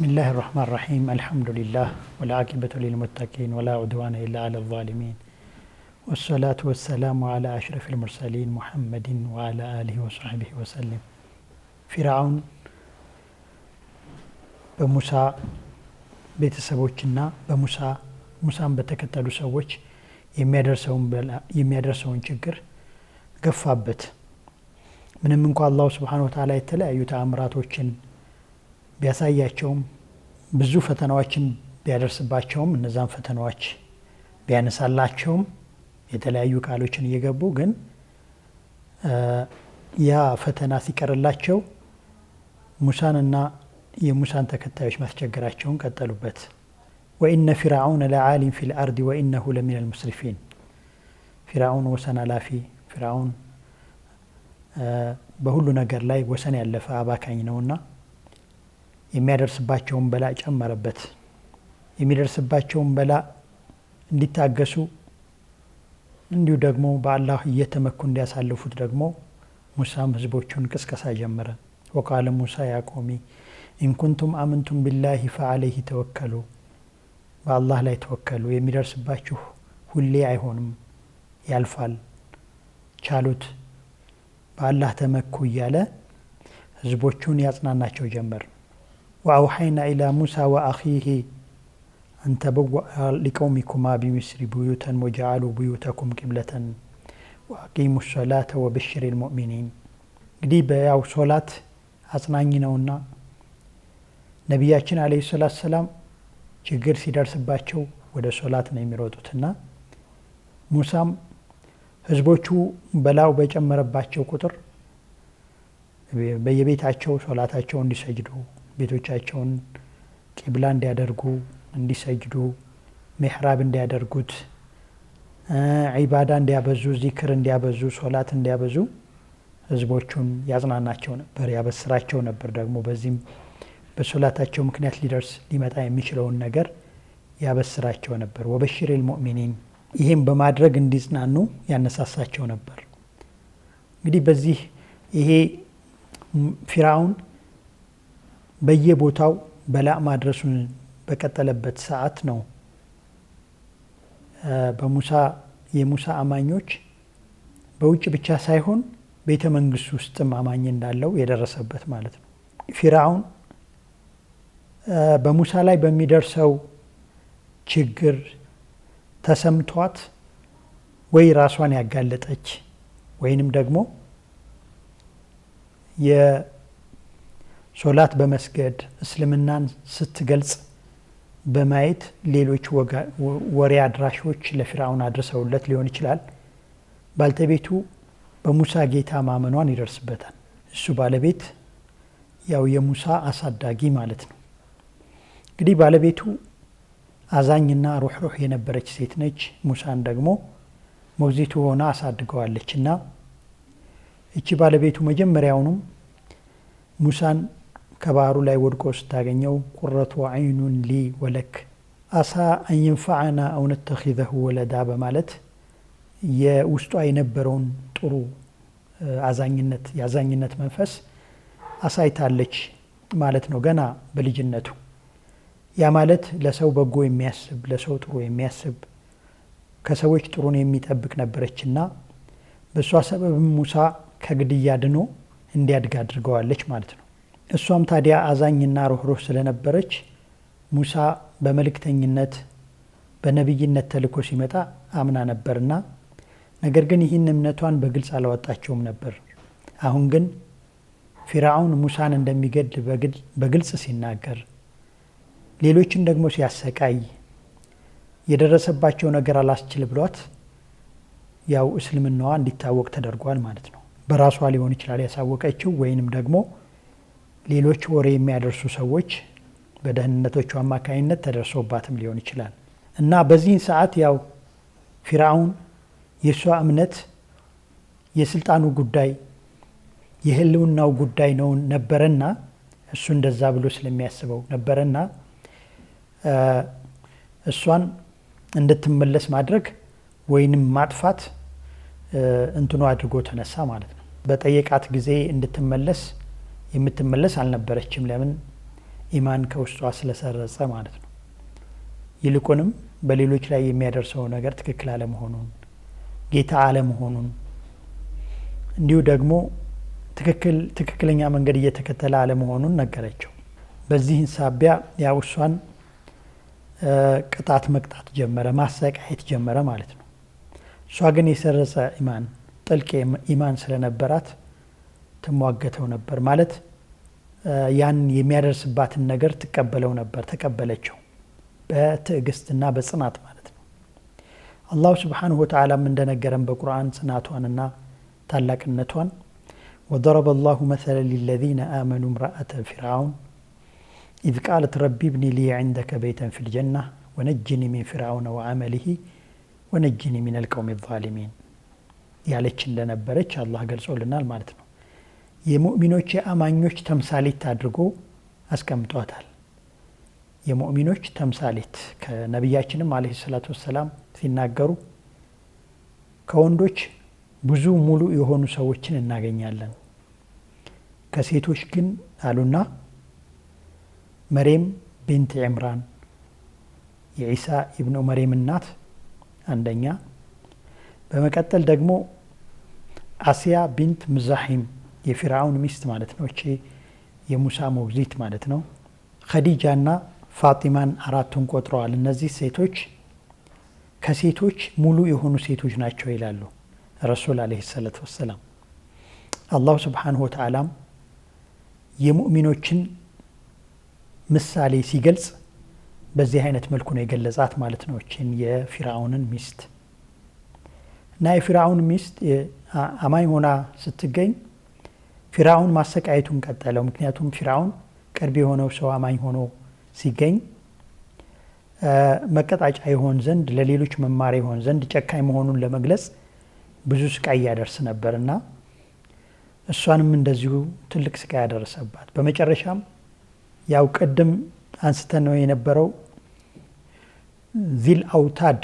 بسم الله الرحمن الرحيم الحمد لله والعاقبة للمتقين ولا عدوان إلا على الظالمين والصلاة والسلام على أشرف المرسلين محمد وعلى آله وصحبه وسلم فرعون بموسى بيت سبوتشنا بموسى موسى بتكتلو سوتش يمير سون شجر قفابت من منكم الله سبحانه وتعالى يتلا يتعامرات وشن ቢያሳያቸውም ብዙ ፈተናዎችን ቢያደርስባቸውም እነዛን ፈተናዎች ቢያነሳላቸውም የተለያዩ ቃሎችን እየገቡ ግን ያ ፈተና ሲቀርላቸው ሙሳንና የሙሳን ተከታዮች ማስቸገራቸውን ቀጠሉበት። ወኢነ ፊርዓውነ ለዓሊም ፊል አርድ ወኢነሁ ለሚን ሙስሪፊን። ፊርዓውን ወሰን አላፊ፣ ፊርዓውን በሁሉ ነገር ላይ ወሰን ያለፈ አባካኝ ነውና የሚያደርስባቸውን በላ ጨመረበት። የሚደርስባቸውን በላ እንዲታገሱ እንዲሁ ደግሞ በአላህ እየተመኩ እንዲያሳልፉት ደግሞ ሙሳም ህዝቦቹን ቅስቀሳ ጀመረ። ወቃለ ሙሳ ያቆሚ ኢንኩንቱም አምንቱም ቢላሂ ፈአለይህ ተወከሉ፣ በአላህ ላይ ተወከሉ። የሚደርስባችሁ ሁሌ አይሆንም፣ ያልፋል፣ ቻሉት፣ በአላህ ተመኩ እያለ ህዝቦቹን ያጽናናቸው ጀመር። وأوحينا ኢላ ሙሳ وأخيه أن ተበወአ لقومكما بمصر بيوتا وجعلوا بيوتكم قبلة وأقيموا الصلاة وبشر المؤمنين እንግዲህ በያው ሶላት አጽናኝ ነውና ነቢያችን አለይሂ ሰላት ሰላም ችግር ሲደርስባቸው ወደ ሶላት ነው የሚሮጡትና ሙሳም ህዝቦቹ በላው በጨመረባቸው ቁጥር በየቤታቸው ሶላታቸው እንዲሰጅዱ ቤቶቻቸውን ቂብላ እንዲያደርጉ እንዲሰጅዱ ምሕራብ እንዲያደርጉት ዒባዳ እንዲያበዙ ዚክር እንዲያበዙ ሶላት እንዲያበዙ ህዝቦቹን ያጽናናቸው ነበር፣ ያበስራቸው ነበር። ደግሞ በዚህም በሶላታቸው ምክንያት ሊደርስ ሊመጣ የሚችለውን ነገር ያበስራቸው ነበር። ወበሽር ልሙእሚኒን ይህም በማድረግ እንዲጽናኑ ያነሳሳቸው ነበር። እንግዲህ በዚህ ይሄ ፊራውን በየቦታው በላእ ማድረሱን በቀጠለበት ሰዓት ነው በሙሳ የሙሳ አማኞች በውጭ ብቻ ሳይሆን ቤተ መንግስት ውስጥም አማኝ እንዳለው የደረሰበት ማለት ነው። ፊራውን በሙሳ ላይ በሚደርሰው ችግር ተሰምቷት ወይ ራሷን ያጋለጠች ወይንም ደግሞ ሶላት በመስገድ እስልምናን ስትገልጽ በማየት ሌሎች ወሬ አድራሾች ለፊራውን አድርሰውለት ሊሆን ይችላል። ባልተቤቱ በሙሳ ጌታ ማመኗን ይደርስበታል። እሱ ባለቤት ያው የሙሳ አሳዳጊ ማለት ነው። እንግዲህ ባለቤቱ አዛኝና ሩኅሩኅ የነበረች ሴት ነች። ሙሳን ደግሞ ሞግዚቱ ሆና አሳድገዋለች እና እቺ ባለቤቱ መጀመሪያውኑም ሙሳን ከባህሩ ላይ ወድቆ ስታገኘው ቁረቱ አይኑን ሊ ወለክ አሳ አንየንፈዐና አው ነተኺዘሁ ወለዳ በማለት የውስጧ የነበረውን ጥሩ አዛኝነት የአዛኝነት መንፈስ አሳይታለች ማለት ነው ገና በልጅነቱ። ያ ማለት ለሰው በጎ የሚያስብ ለሰው ጥሩ የሚያስብ ከሰዎች ጥሩን የሚጠብቅ ነበረችና በእሷ ሰበብ ሙሳ ከግድያ ድኖ እንዲያድግ አድርገዋለች ማለት ነው። እሷም ታዲያ አዛኝና ርኅሩህ ስለነበረች ሙሳ በመልእክተኝነት በነቢይነት ተልኮ ሲመጣ አምና ነበርና ነገር ግን ይህን እምነቷን በግልጽ አላወጣቸውም ነበር። አሁን ግን ፊራውን ሙሳን እንደሚገድ በግልጽ ሲናገር፣ ሌሎችን ደግሞ ሲያሰቃይ የደረሰባቸው ነገር አላስችል ብሏት ያው እስልምናዋ እንዲታወቅ ተደርጓል ማለት ነው። በራሷ ሊሆን ይችላል ያሳወቀችው ወይንም ደግሞ ሌሎች ወሬ የሚያደርሱ ሰዎች በደህንነቶቹ አማካኝነት ተደርሶባትም ሊሆን ይችላል እና በዚህን ሰዓት ያው ፊርዓውን የእሷ እምነት የስልጣኑ ጉዳይ የህልውናው ጉዳይ ነው ነበረና እሱ እንደዛ ብሎ ስለሚያስበው ነበረና እሷን እንድትመለስ ማድረግ ወይንም ማጥፋት እንትኑ አድርጎ ተነሳ ማለት ነው። በጠየቃት ጊዜ እንድትመለስ የምትመለስ አልነበረችም። ለምን? ኢማን ከውስጧ ስለሰረጸ ማለት ነው። ይልቁንም በሌሎች ላይ የሚያደርሰው ነገር ትክክል አለመሆኑን፣ ጌታ አለመሆኑን እንዲሁ ደግሞ ትክክለኛ መንገድ እየተከተለ አለመሆኑን ነገረችው። በዚህ ሳቢያ ያው እሷን ቅጣት መቅጣት ጀመረ፣ ማሰቃየት ጀመረ ማለት ነው። እሷ ግን የሰረጸ ኢማን ጥልቅ ኢማን ስለነበራት ትሟገተው ነበር ማለት ያን የሚያደርስባትን ነገር ትቀበለው ነበር። ተቀበለችው በትዕግስትና በጽናት ማለት ነው። አላሁ ስብሓንሁ ወተዓላም እንደነገረን በቁርአን ጽናቷንና ታላቅነቷን ወደረበ ላሁ መሰለ ሊለዚነ አመኑ ምራአተ ፊርዓውን ኢዝ ቃለት ረቢ ብኒ ሊ ዕንደከ በይተን ፊ ልጀና ወነጅኒ ሚን ፊርዓውነ ወዓመሊሂ ወነጅኒ ሚን አልቀውም ዛሊሚን ያለችን ለነበረች አላህ ገልጾልናል ማለት ነው። የሙእሚኖች የአማኞች ተምሳሌት አድርጎ አስቀምጧታል። የሙእሚኖች ተምሳሌት ከነቢያችንም አለ ሰላቱ ወሰላም ሲናገሩ ከወንዶች ብዙ ሙሉ የሆኑ ሰዎችን እናገኛለን ከሴቶች ግን አሉና መሬም ቢንት ዕምራን የዒሳ ኢብኑ መሬም እናት አንደኛ፣ በመቀጠል ደግሞ አስያ ቢንት ምዛሒም የፊርአውን ሚስት ማለት ነው። እቺ የሙሳ ሞግዚት ማለት ነው። ኸዲጃና ፋጢማን አራቱን ቆጥረዋል። እነዚህ ሴቶች ከሴቶች ሙሉ የሆኑ ሴቶች ናቸው ይላሉ ረሱል ዓለይሂ ሰላት ወሰላም። አላሁ ስብሓንሁ ወተዓላም የሙእሚኖችን ምሳሌ ሲገልጽ በዚህ አይነት መልኩ ነው የገለጻት ማለት ነው። እችን የፊርዓውንን ሚስት እና የፊርአውን ሚስት አማኝ ሆና ስትገኝ ፊራውን ማሰቃየቱን ቀጠለው። ምክንያቱም ፊራውን ቅርብ የሆነው ሰው አማኝ ሆኖ ሲገኝ መቀጣጫ ይሆን ዘንድ ለሌሎች መማር ይሆን ዘንድ ጨካኝ መሆኑን ለመግለጽ ብዙ ስቃይ ያደርስ ነበር እና እሷንም እንደዚሁ ትልቅ ስቃይ ያደረሰባት። በመጨረሻም ያው ቅድም አንስተን ነው የነበረው ዚል አውታድ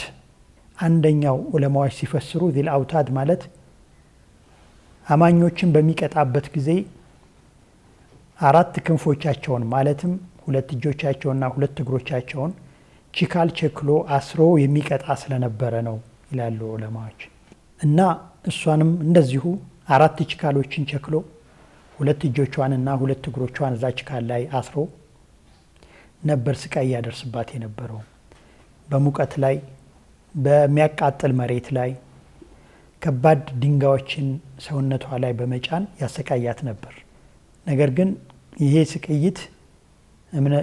አንደኛው ዑለማዎች ሲፈስሩ ዚል አውታድ ማለት አማኞችን በሚቀጣበት ጊዜ አራት ክንፎቻቸውን ማለትም ሁለት እጆቻቸውና ሁለት እግሮቻቸውን ችካል ቸክሎ አስሮ የሚቀጣ ስለነበረ ነው ይላሉ ዑለማዎች። እና እሷንም እንደዚሁ አራት ችካሎችን ቸክሎ ሁለት እጆቿንና ሁለት እግሮቿን እዛ ችካል ላይ አስሮ ነበር ስቃይ ያደርስባት የነበረው። በሙቀት ላይ፣ በሚያቃጥል መሬት ላይ ከባድ ድንጋዮችን ሰውነቷ ላይ በመጫን ያሰቃያት ነበር። ነገር ግን ይሄ ስቅይት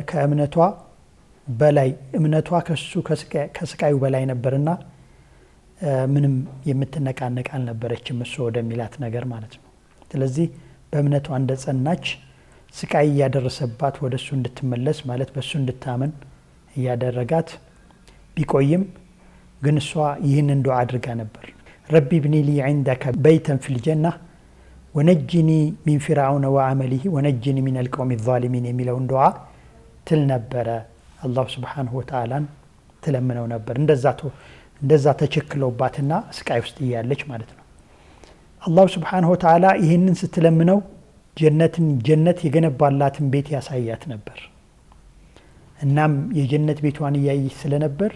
ከእምነቷ በላይ እምነቷ ከሱ ከስቃዩ በላይ ነበርና ምንም የምትነቃነቅ አልነበረችም፣ እሱ ወደሚላት ነገር ማለት ነው። ስለዚህ በእምነቷ እንደ ጸናች ስቃይ እያደረሰባት ወደ እሱ እንድትመለስ ማለት በእሱ እንድታምን እያደረጋት ቢቆይም ግን እሷ ይህንን እንዶ አድርጋ ነበር። ረቢ ብኒ ሊ ዕንደከ በይተን ፊል ጀና ወነጅኒ ሚን ፊርዓውነ ወአመሊሂ ወነጅኒ ሚን አልቀውሚ ዛሊሚን የሚለውን ዱዓ ትል ነበረ። አላሁ ስብሓነሁ ወተዓላን ትለምነው ነበር። እንደዛ ተቸክለውባትና ስቃይ ውስጥ እያለች ማለት ነው። አላሁ ስብሓንሁ ወተዓላ ይህንን ስትለምነው ጀነትን ጀነት የገነባላትን ቤት ያሳያት ነበር። እናም የጀነት ቤቷን እያየች ስለነበር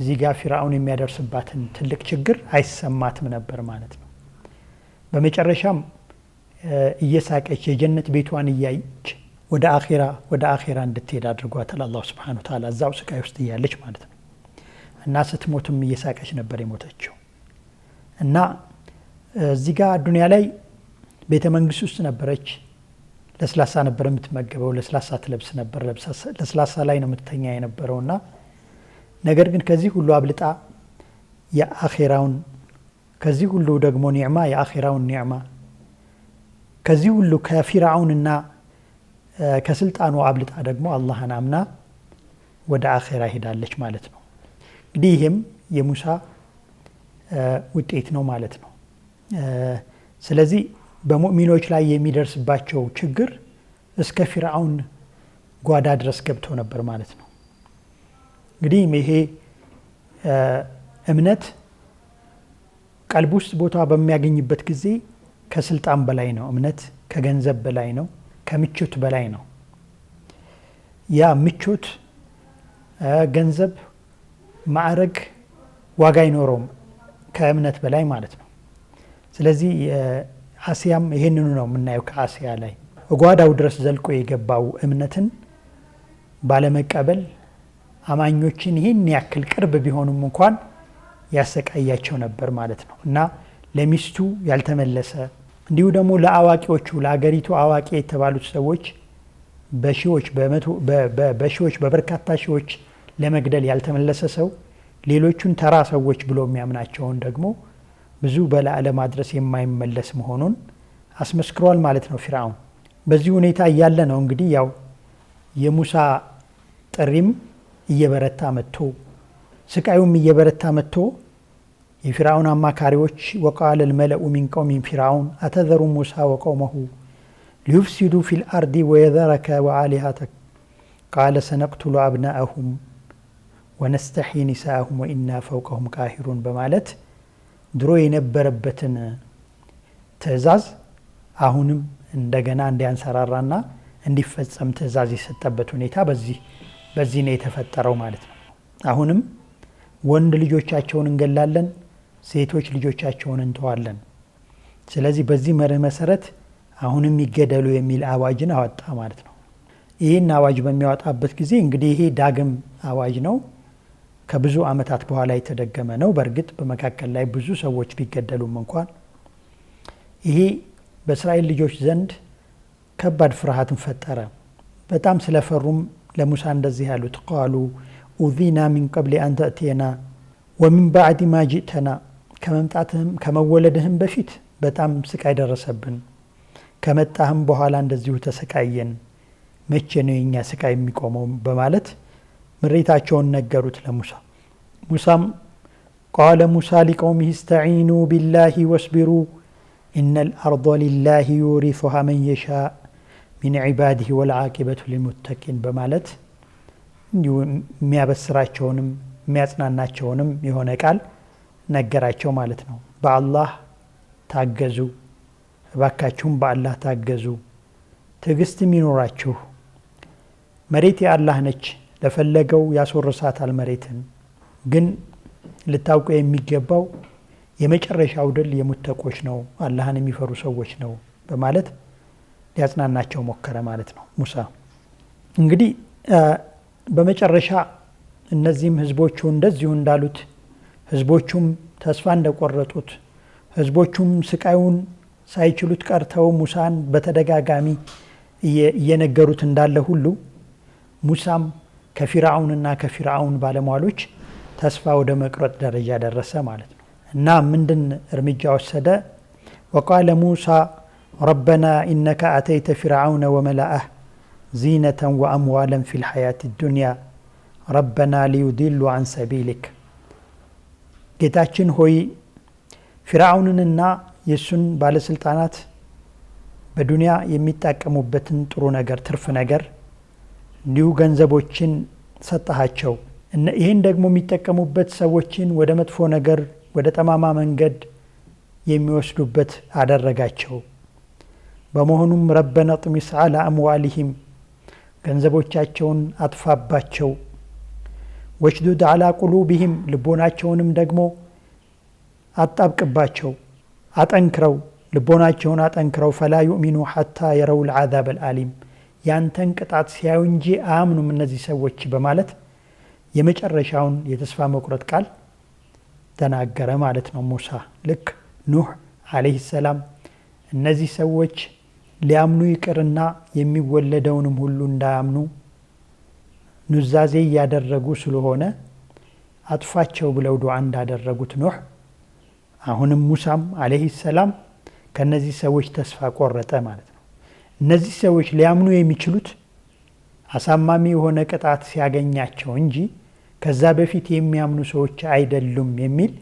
እዚህ ጋር ፊርአውን የሚያደርስባትን ትልቅ ችግር አይሰማትም ነበር ማለት ነው። በመጨረሻም እየሳቀች የጀነት ቤቷን እያየች ወደ አኼራ ወደ አኼራ እንድትሄድ አድርጓታል አላሁ ስብሓነሁ ተዓላ እዛው ስቃይ ውስጥ እያለች ማለት ነው። እና ስትሞትም እየሳቀች ነበር የሞተችው። እና እዚህ ጋር ዱንያ ላይ ቤተ መንግስት ውስጥ ነበረች። ለስላሳ ነበር የምትመገበው፣ ለስላሳ ትለብስ ነበር፣ ለስላሳ ላይ ነው የምትተኛ የነበረው እና ነገር ግን ከዚህ ሁሉ አብልጣ የአኼራውን ከዚህ ሁሉ ደግሞ ኒዕማ የአኼራውን ኒዕማ ከዚህ ሁሉ ከፊርዓውንና ከስልጣኑ አብልጣ ደግሞ አላህን አምና ወደ አኼራ ሄዳለች ማለት ነው። እንግዲህ ይህም የሙሳ ውጤት ነው ማለት ነው። ስለዚህ በሙእሚኖች ላይ የሚደርስባቸው ችግር እስከ ፊርአውን ጓዳ ድረስ ገብቶ ነበር ማለት ነው። እንግዲህ ይሄ እምነት ቀልብ ውስጥ ቦታ በሚያገኝበት ጊዜ ከስልጣን በላይ ነው። እምነት ከገንዘብ በላይ ነው። ከምቾት በላይ ነው። ያ ምቾት፣ ገንዘብ፣ ማዕረግ ዋጋ አይኖረውም ከእምነት በላይ ማለት ነው። ስለዚህ አሲያም ይሄንኑ ነው የምናየው። ከአሲያ ላይ እጓዳው ድረስ ዘልቆ የገባው እምነትን ባለመቀበል አማኞችን ይህን ያክል ቅርብ ቢሆኑም እንኳን ያሰቃያቸው ነበር ማለት ነው እና ለሚስቱ ያልተመለሰ እንዲሁ ደግሞ ለአዋቂዎቹ ለአገሪቱ አዋቂ የተባሉት ሰዎች በሺዎች በሺዎች በበርካታ ሺዎች ለመግደል ያልተመለሰ ሰው ሌሎቹን ተራ ሰዎች ብሎ የሚያምናቸውን ደግሞ ብዙ በላ ለማድረስ የማይመለስ መሆኑን አስመስክሯል ማለት ነው ፊርዓውን። በዚህ ሁኔታ እያለ ነው እንግዲህ ያው የሙሳ ጥሪም እየበረታ መጥቶ ስቃዩም እየበረታ መጥቶ የፊርዓውን አማካሪዎች ወቃለ ልመለኡ ሚን ቀውሚን ፊርዓውን አተዘሩ ሙሳ ወቀውመሁ ሊዩፍሲዱ ፊል አርዲ ወየዘረከ ወአሊሃተክ ቃለ ሰነቅቱሉ አብናአሁም ወነስተሒ ኒሳአሁም ወኢና ፈውቀሁም ቃሂሩን በማለት ድሮ የነበረበትን ትዕዛዝ አሁንም እንደገና እንዲያንሰራራና እንዲፈጸም ትዕዛዝ የሰጠበት ሁኔታ በዚህ በዚህ ነው የተፈጠረው ማለት ነው። አሁንም ወንድ ልጆቻቸውን እንገላለን፣ ሴቶች ልጆቻቸውን እንተዋለን። ስለዚህ በዚህ መርህ መሰረት አሁንም ይገደሉ የሚል አዋጅን አወጣ ማለት ነው። ይህን አዋጅ በሚያወጣበት ጊዜ እንግዲህ ይሄ ዳግም አዋጅ ነው። ከብዙ ዓመታት በኋላ የተደገመ ነው። በእርግጥ በመካከል ላይ ብዙ ሰዎች ቢገደሉም እንኳን ይሄ በእስራኤል ልጆች ዘንድ ከባድ ፍርሃትን ፈጠረ። በጣም ስለፈሩም ለሙሳ እንደዚህ ያሉት ቃሉ ኡዚና ሚን ቀብል አን ተእትየና ወሚን ባዕድ ማ ጅእተና ከመምጣትህም ከመወለድህም በፊት በጣም ስቃይ ደረሰብን፣ ከመጣህም በኋላ እንደዚሁ ተሰቃየን። መቼ ነው የእኛ ስቃይ የሚቆመው? በማለት ምሬታቸውን ነገሩት ለሙሳ። ሙሳም ቃለ ሙሳ ሊቀውሚህ እስተዒኑ ቢላሂ ወስቢሩ ኢነ ልአርض ሊላሂ ዩሪሱሃ መን የሻእ ሚን ዒባዲህ ወልዓቂበቱ ሊሙተቂን በማለት እንዲሁ የሚያበስራቸውንም የሚያጽናናቸውንም የሆነ ቃል ነገራቸው ማለት ነው። በአላህ ታገዙ፣ እባካችሁም በአላህ ታገዙ፣ ትዕግስትም ይኖራችሁ። መሬት የአላህ ነች፣ ለፈለገው ያስወርሳታል። መሬትን ግን ልታውቁ የሚገባው የመጨረሻው ድል የሙተቆች ነው፣ አላህን የሚፈሩ ሰዎች ነው በማለት ሊያጽናናቸው ሞከረ ማለት ነው ሙሳ። እንግዲህ በመጨረሻ እነዚህም ህዝቦቹ እንደዚሁ እንዳሉት ህዝቦቹም ተስፋ እንደቆረጡት ህዝቦቹም ስቃዩን ሳይችሉት ቀርተው ሙሳን በተደጋጋሚ እየነገሩት እንዳለ ሁሉ ሙሳም ከፊርዓውንና ከፊርዓውን ባለሟሎች ተስፋ ወደ መቁረጥ ደረጃ ደረሰ ማለት ነው። እና ምንድን እርምጃ ወሰደ? ወቃለ ሙሳ ربنا إنك أتيت فرعون وملأه زينة وأموالا في الحياة الدنيا ربنا ليضلوا عن سبيلك ጌታችን ሆይ ፊርዓውንንና የእሱን ባለስልጣናት በዱንያ የሚጠቀሙበትን ጥሩ ነገር ትርፍ ነገር እንዲሁ ገንዘቦችን ሰጠሃቸው። ይህን ደግሞ የሚጠቀሙበት ሰዎችን ወደ መጥፎ ነገር ወደ ጠማማ መንገድ የሚወስዱበት አደረጋቸው። በመሆኑም ረበነ ጥሚስ አላ አምዋሊሂም ገንዘቦቻቸውን አጥፋባቸው፣ ወሽዱድ አላ ቁሉብህም ልቦናቸውንም ደግሞ አጣብቅባቸው፣ አጠንክረው ልቦናቸውን አጠንክረው ፈላ ዩእሚኑ ሐታ የረውል ልዓዛብ አልአሊም ያንተን ቅጣት ሲያዩ እንጂ አያምኑም እነዚህ ሰዎች በማለት የመጨረሻውን የተስፋ መቁረጥ ቃል ተናገረ ማለት ነው ሙሳ ልክ ኑህ ዓለይህ ሰላም እነዚህ ሰዎች ሊያምኑ ይቅርና የሚወለደውንም ሁሉ እንዳያምኑ ኑዛዜ እያደረጉ ስለሆነ አጥፋቸው ብለው ዱዓ እንዳደረጉት ኖህ አሁንም ሙሳም አለህ ሰላም ከነዚህ ሰዎች ተስፋ ቆረጠ ማለት ነው። እነዚህ ሰዎች ሊያምኑ የሚችሉት አሳማሚ የሆነ ቅጣት ሲያገኛቸው እንጂ ከዛ በፊት የሚያምኑ ሰዎች አይደሉም የሚል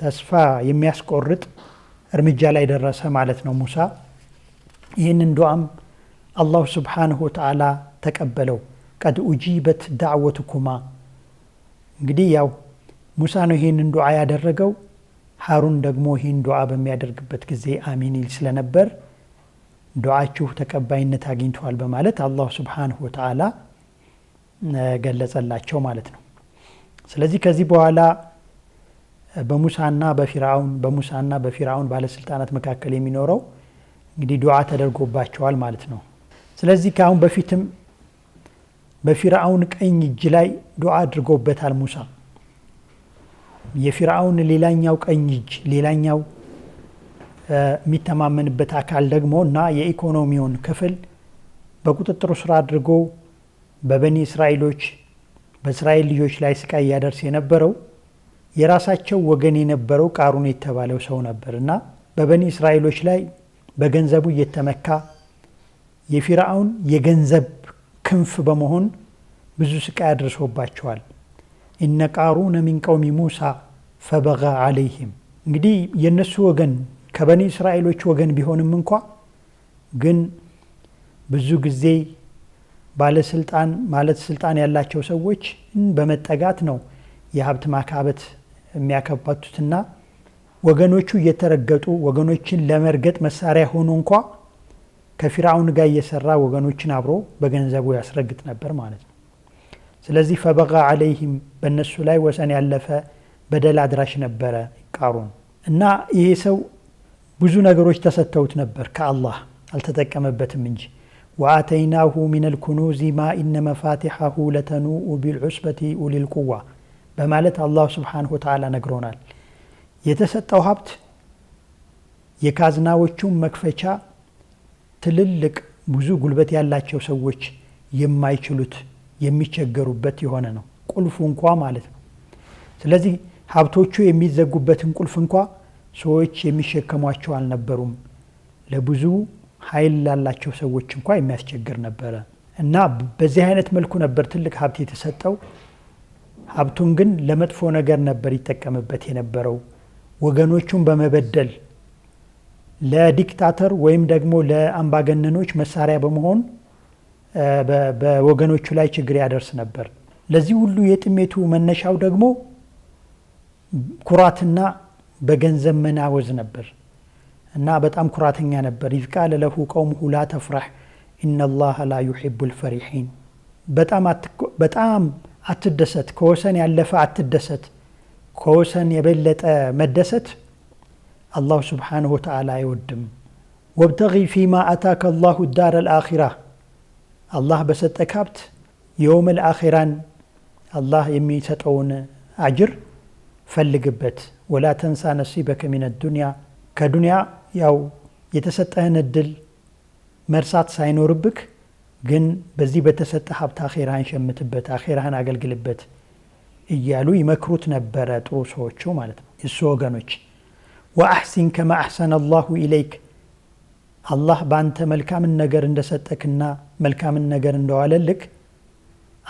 ተስፋ የሚያስቆርጥ እርምጃ ላይ ደረሰ ማለት ነው ሙሳ ይህንን ዱዓም አላሁ ስብሓንሁ ወተዓላ ተቀበለው። ቀድ ኡጂበት ዳዕወትኩማ። እንግዲህ ያው ሙሳ ነው ይህንን ዱዓ ያደረገው። ሀሩን ደግሞ ይህን ዱዓ በሚያደርግበት ጊዜ አሚን ይል ስለነበር ዱዓችሁ ተቀባይነት አግኝተዋል በማለት አላሁ ስብሓንሁ ወተዓላ ገለጸላቸው ማለት ነው። ስለዚህ ከዚህ በኋላ በሙሳና በፊራውን በሙሳና በፊራውን ባለስልጣናት መካከል የሚኖረው እንግዲህ ዱዓ ተደርጎባቸዋል ማለት ነው። ስለዚህ ከአሁን በፊትም በፊርአውን ቀኝ እጅ ላይ ዱዓ አድርጎበታል ሙሳ። የፊርአውን ሌላኛው ቀኝ እጅ ሌላኛው የሚተማመንበት አካል ደግሞ እና የኢኮኖሚውን ክፍል በቁጥጥሩ ስራ አድርጎ በበኒ እስራኤሎች በእስራኤል ልጆች ላይ ስቃይ ያደርስ የነበረው የራሳቸው ወገን የነበረው ቃሩን የተባለው ሰው ነበር እና በበኒ እስራኤሎች ላይ በገንዘቡ እየተመካ የፊርአውን የገንዘብ ክንፍ በመሆን ብዙ ስቃይ አድርሶባቸዋል። እነ ቃሩነ ሚን ቀውሚ ሙሳ ፈበጋ አለይህም እንግዲህ የእነሱ ወገን ከበኒ እስራኤሎች ወገን ቢሆንም እንኳ ግን ብዙ ጊዜ ባለስልጣን ማለት ስልጣን ያላቸው ሰዎች በመጠጋት ነው የሀብት ማካበት የሚያከባቱትና ወገኖቹ እየተረገጡ ወገኖችን ለመርገጥ መሳሪያ ሆኖ እንኳ ከፊርዓውን ጋር እየሰራ ወገኖችን አብሮ በገንዘቡ ያስረግጥ ነበር ማለት ነው። ስለዚህ ፈበቃ አለይህም በእነሱ ላይ ወሰን ያለፈ በደል አድራሽ ነበረ ቃሩን። እና ይሄ ሰው ብዙ ነገሮች ተሰጥተውት ነበር ከአላህ አልተጠቀመበትም እንጂ ወአተይናሁ ምን ኩኑዚ ማ ኢነ መፋትሐሁ ለተኑኡ ቢልዑስበቲ ኡሊልቁዋ በማለት አላሁ ስብሓንሁ ወተዓላ ነግሮናል። የተሰጠው ሀብት የካዝናዎቹን መክፈቻ ትልልቅ ብዙ ጉልበት ያላቸው ሰዎች የማይችሉት የሚቸገሩበት የሆነ ነው። ቁልፉ እንኳ ማለት ነው። ስለዚህ ሀብቶቹ የሚዘጉበትን ቁልፍ እንኳ ሰዎች የሚሸከሟቸው አልነበሩም። ለብዙ ኃይል ላላቸው ሰዎች እንኳ የሚያስቸግር ነበረ እና በዚህ አይነት መልኩ ነበር ትልቅ ሀብት የተሰጠው። ሀብቱን ግን ለመጥፎ ነገር ነበር ይጠቀምበት የነበረው። ወገኖቹን በመበደል ለዲክታተር ወይም ደግሞ ለአምባገነኖች መሳሪያ በመሆን በወገኖቹ ላይ ችግር ያደርስ ነበር። ለዚህ ሁሉ የጥሜቱ መነሻው ደግሞ ኩራትና በገንዘብ መናወዝ ነበር እና በጣም ኩራተኛ ነበር። ኢዝ ቃለ ለሁ ቀውሙሁ ላ ተፍራህ ኢነላሃ ላ ዩሒቡል ልፈሪሒን፣ በጣም አትደሰት፣ ከወሰን ያለፈ አትደሰት ከወሰን የበለጠ መደሰት አላሁ ስብሓንሁ ወተዓላ አይወድም። ወብተጊ ፊማ አታከ አላሁ ዳር አልአኺራ አላህ በሰጠ ካብት የውመል አኺራን አላህ የሚሰጠውን አጅር ፈልግበት። ወላ ተንሳ ነሲበከ ሚነ ዱንያ ከዱንያ ያው የተሰጠህን እድል መርሳት ሳይኖርብክ ግን በዚህ በተሰጠ ሀብት አኼራህን ሸምትበት፣ አኼራህን አገልግልበት። እያሉ ይመክሩት ነበረ። ጥሩ ሰዎቹ ማለት ነው እሱ ወገኖች። ወአሕሲን ከማ አሕሰነ አላሁ ኢለይክ አላህ በአንተ መልካምን ነገር እንደሰጠክና መልካምን ነገር እንደዋለልክ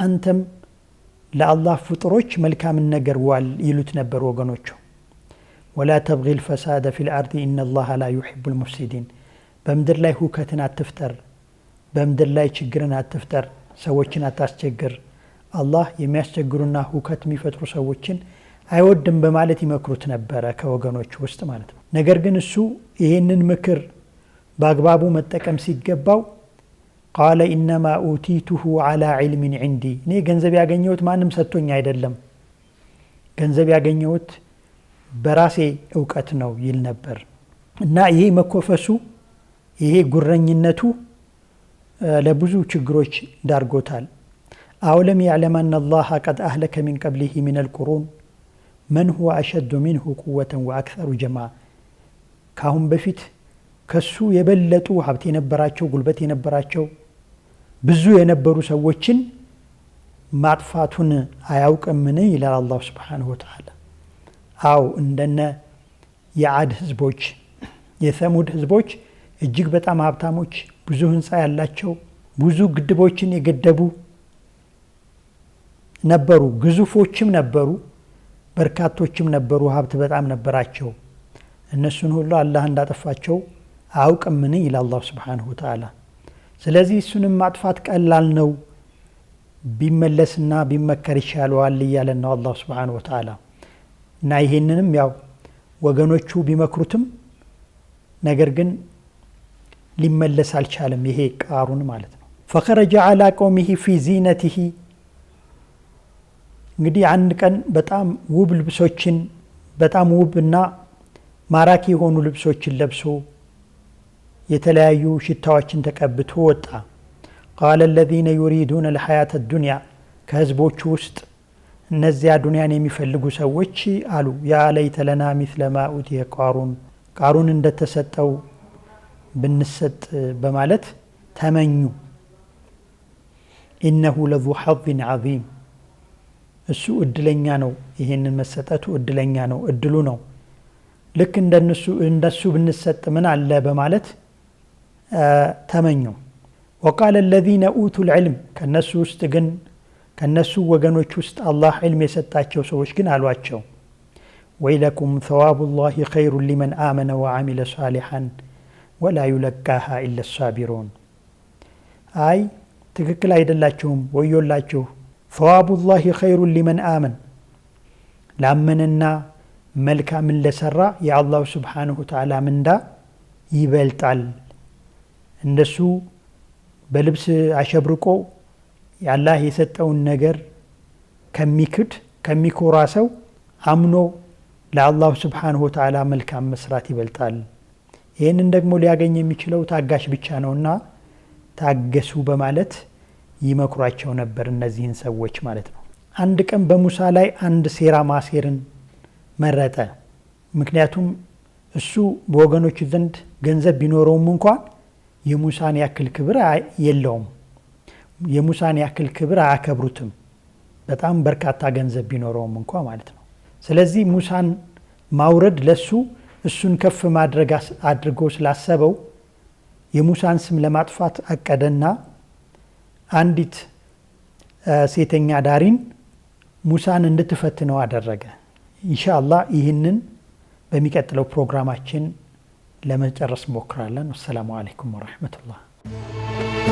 አንተም ለአላህ ፍጡሮች መልካምን ነገር ዋል ይሉት ነበር ወገኖቹ። ወላ ተብጊ ልፈሳደ ፊ ልአርድ ኢና ላሃ ላ ዩሕቡ ልሙፍሲዲን በምድር ላይ ሁከትን አትፍጠር፣ በምድር ላይ ችግርን አትፍጠር፣ ሰዎችን አታስቸግር አላህ የሚያስቸግሩና ሁከት የሚፈጥሩ ሰዎችን አይወድም በማለት ይመክሩት ነበረ ከወገኖች ውስጥ ማለት ነው። ነገር ግን እሱ ይህንን ምክር በአግባቡ መጠቀም ሲገባው ቃለ ኢነማ ኡቲቱሁ አላ ዒልሚን ዒንዲ፣ እኔ ገንዘብ ያገኘሁት ማንም ሰጥቶኝ አይደለም፣ ገንዘብ ያገኘሁት በራሴ እውቀት ነው ይል ነበር እና ይሄ መኮፈሱ ይሄ ጉረኝነቱ ለብዙ ችግሮች ዳርጎታል። አውለም ያዕለም አና አላህ ቀድ አህለከ ሚን ቀብሊህ ሚነል ቁሩን መን ሁወ አሸዱ ሚንሁ ቁወተን ወአክሰሩ ጀማዓ ካሁን በፊት ከሱ የበለጡ ሀብት የነበራቸው ጉልበት የነበራቸው ብዙ የነበሩ ሰዎችን ማጥፋቱን አያውቅምን? ይላል አላሁ ስብሓነሁ ወተዓላ። አው እንደነ የዓድ ህዝቦች፣ የሰሙድ ህዝቦች እጅግ በጣም ሀብታሞች፣ ብዙ ህንፃ ያላቸው፣ ብዙ ግድቦችን የገደቡ ነበሩ፣ ግዙፎችም ነበሩ፣ በርካቶችም ነበሩ፣ ሀብት በጣም ነበራቸው። እነሱን ሁሉ አላህ እንዳጠፋቸው አያውቅምን? ይላል አላሁ ሱብሓነሁ ወተዓላ። ስለዚህ እሱንም ማጥፋት ቀላል ነው፣ ቢመለስና ቢመከር ይሻለዋል እያለን ነው አላሁ ሱብሓነሁ ወተዓላ እና ይሄንንም ያው ወገኖቹ ቢመክሩትም ነገር ግን ሊመለስ አልቻለም። ይሄ ቃሩን ማለት ነው። ፈኸረጀ ዓላ ቀውሚሂ ፊ ዚነቲሂ እንግዲህ አንድ ቀን በጣም ውብ ልብሶችን በጣም ውብ እና ማራኪ የሆኑ ልብሶችን ለብሶ የተለያዩ ሽታዎችን ተቀብቶ ወጣ። ቃለ ለዚነ ዩሪዱነ ልሀያት ዱንያ ከህዝቦቹ ውስጥ እነዚያ ዱኒያን የሚፈልጉ ሰዎች አሉ፣ ያ ለይተለና ሚስለማ ኡቲየ ቃሩን ቃሩን እንደተሰጠው ብንሰጥ በማለት ተመኙ። ኢነሁ ለዙ ሐዝን ዓዚም እሱ እድለኛ ነው። ይሄንን መሰጠቱ እድለኛ ነው፣ እድሉ ነው። ልክ እንደሱ ብንሰጥ ምን አለ በማለት ተመኙ። ወቃለ አለዚነ ኡቱል ዒልም ከነሱ ውስጥ ግን ከነሱ ወገኖች ውስጥ አላህ ዒልም የሰጣቸው ሰዎች ግን አሏቸው ወይለኩም ሰዋቡ الله خير ሊመን አመነ ወአሚለ صالحا ولا يلقاها ኢለ الصابرون አይ ትክክል አይደላችሁም፣ ወዮላችሁ ፈዋቡላሂ ኸይሩን ሊመን አመን ላመነና መልካምን ለሰራ የአላሁ ስብሓንሁ ተዓላ ምንዳ ይበልጣል። እንደሱ በልብስ አሸብርቆ የአላህ የሰጠውን ነገር ከሚክድ ከሚኮራ ሰው አምኖ ለአላሁ ስብሓንሁ ተዓላ መልካም መስራት ይበልጣል። ይህንን ደግሞ ሊያገኝ የሚችለው ታጋሽ ብቻ ነውና ታገሱ በማለት ይመክሯቸው ነበር እነዚህን ሰዎች ማለት ነው። አንድ ቀን በሙሳ ላይ አንድ ሴራ ማሴርን መረጠ። ምክንያቱም እሱ በወገኖች ዘንድ ገንዘብ ቢኖረውም እንኳን የሙሳን ያክል ክብር የለውም። የሙሳን ያክል ክብር አያከብሩትም፣ በጣም በርካታ ገንዘብ ቢኖረውም እንኳ ማለት ነው። ስለዚህ ሙሳን ማውረድ ለሱ እሱን ከፍ ማድረግ አድርጎ ስላሰበው የሙሳን ስም ለማጥፋት አቀደና አንዲት ሴተኛ ዳሪን ሙሳን እንድትፈትነው አደረገ። ኢንሻአላህ ይህንን በሚቀጥለው ፕሮግራማችን ለመጨረስ ሞክራለን። ወሰላሙ አለይኩም ወረህመቱላህ